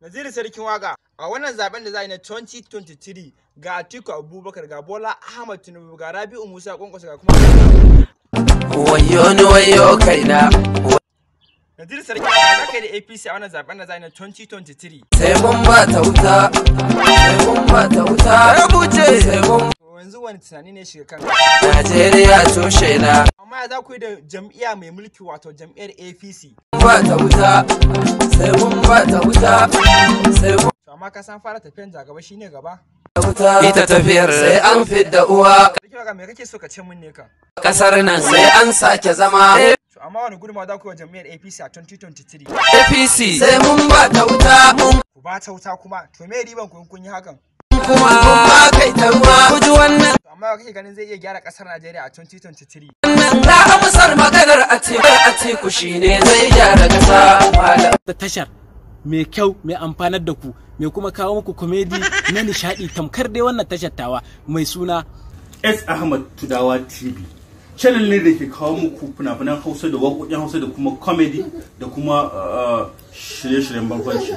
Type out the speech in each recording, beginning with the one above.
Naziru Sarkin Waga a wannan zaben da za yi na 2023 ga Atiku Abubakar ga Bola Ahmad Tinubu ga Rabi'u Musa Kwankwasa ga kuma Wayo ni wayo kaina Naziru Sarkin Waga za ka da APC a wannan zaben da za yi na 2023 Sai mun ba ta wuta Sai mun ba ta wuta wani tunani ne shiga kan Najeriya tushe na amma za ku yi da jam'iyya mai mulki wato jam'iyyar APC ba ta wuta sai mun ba ta wuta sai To amma ka san fara tafiyan ja gaba shine gaba ita tafiyar sai an fidda uwa kake me kake so ka ce mun ne ka kasar nan sai an sake zama to amma wani gudunmawa za ku yi jam'iyyar APC a 2023 APC sai mun ba ta wuta mun ku ba ta wuta kuma to me riban ku kun yi hakan kuma ba kai ta ruwa kake ganin zai iya gyara kasar Najeriya a 2023? Na amsar maganar shine zai gyara kasa Da tashar mai kyau mai amfanar da ku mai kuma kawo muku komedi na nishadi tamkar dai wannan tashar tawa mai suna S Ahmad Tudawa TV. Channel ne da ke kawo muku fina-finan Hausa da waƙoƙin Hausa da kuma komedi da kuma uh, uh, shirye-shiryen barkwanci.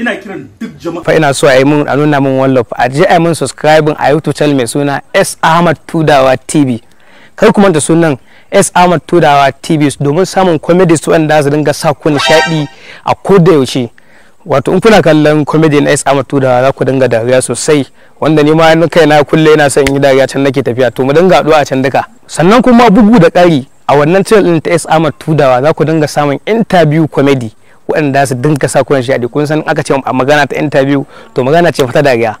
ina kiran duk jama'a fa ina so a yi mun a nuna mun wallof a je a yi mun subscribing a youtube channel mai suna s ahmad tudawa tv kar ku manta sunan s ahmad tudawa tv domin samun su wanda za su dinga sa ku nishaɗi a koda yaushe wato in kuna kallon comedy na s ahmad tudawa za ku dinga dariya sosai wanda ni ma kai na kulle ina son yi dariya can nake tafiya to mu dinga haɗuwa a can duka sannan kuma bugu da ƙari a wannan channel ɗin ta s ahmad tudawa za ku dinga samun interview comedy waɗanda su dinka sa kuran shi a kun san aka ce a magana ta interview to magana ce fata dariya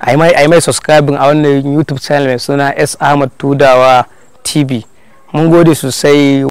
a yi mai subscribing a wannan youtube channel mai suna s ahmad tudawa tv mun gode sosai